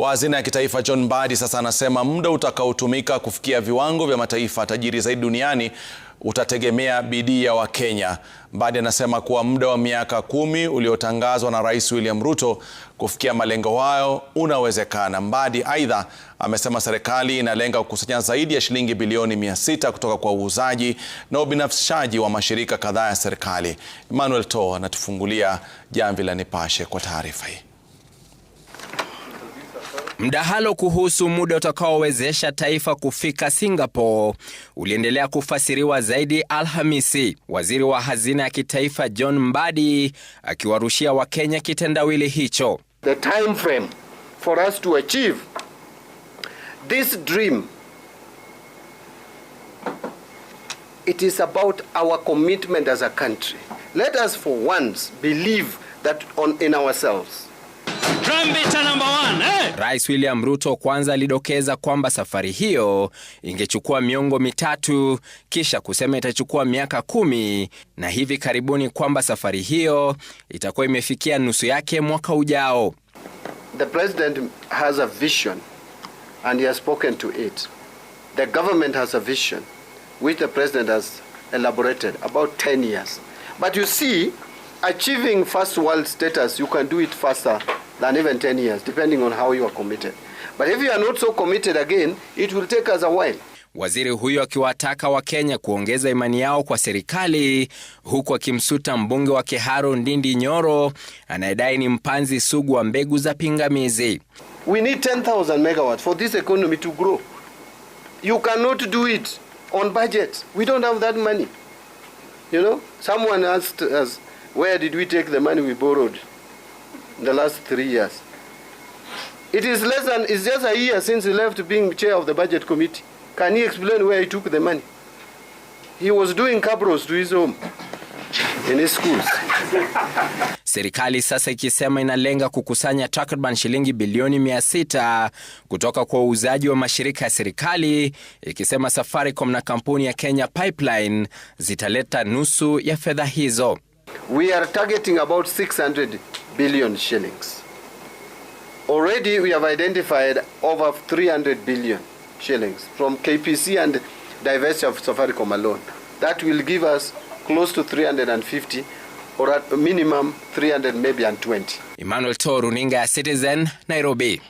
wa hazina ya kitaifa John Mbadi sasa anasema muda utakaotumika kufikia viwango vya mataifa tajiri zaidi duniani utategemea bidii ya Wakenya. Mbadi anasema kuwa muda wa miaka kumi uliotangazwa na Rais William Ruto kufikia malengo hayo unawezekana. Mbadi aidha amesema serikali inalenga kukusanya zaidi ya shilingi bilioni mia sita kutoka kwa uuzaji na ubinafsishaji wa mashirika kadhaa ya serikali. Emmanuel To anatufungulia jamvi la Nipashe kwa taarifa hii. Mdahalo kuhusu muda utakaowezesha taifa kufika Singapore uliendelea kufasiriwa zaidi Alhamisi, waziri wa hazina ya kitaifa John Mbadi akiwarushia Wakenya kitendawili hicho. The time frame for us to achieve this dream it is about our commitment as a country. Let us for once believe that on in ourselves Kitambe cha namba one, eh. Rais William Ruto kwanza alidokeza kwamba safari hiyo ingechukua miongo mitatu kisha kusema itachukua miaka kumi na hivi karibuni kwamba safari hiyo itakuwa imefikia nusu yake mwaka ujao. The president has a vision and he has spoken to it. The government has a vision which the president has elaborated about 10 years. But you see, achieving first world status, you can do it faster than even 10 years, depending on how you are committed. But if you are not so committed again, it will take us a while. Waziri huyo akiwataka Wakenya kuongeza imani yao kwa serikali huku akimsuta mbunge wa Kiharo Ndindi Nyoro anayedai ni mpanzi sugu wa mbegu za pingamizi. We need 10,000 megawatts for this economy to grow. You cannot do it on budget. We don't have that money. You know, someone asked us, where did we take the money we borrowed? in the last three years. It is less than, it's just a year since he left being chair of the budget committee. Can he explain where he took the money? He was doing cabros to his home. In schools. Serikali sasa ikisema inalenga kukusanya takriban shilingi bilioni mia sita kutoka kwa uuzaji wa mashirika ya serikali, ikisema Safaricom na kampuni ya Kenya Pipeline zitaleta nusu ya fedha hizo. We are targeting about 600 billion shillings. Already we have identified over 300 billion shillings from KPC and diversity of Safaricom alone. That will give us close to 350 or at minimum 300 maybe and 20. Emmanuel Toruninga, Citizen, Nairobi.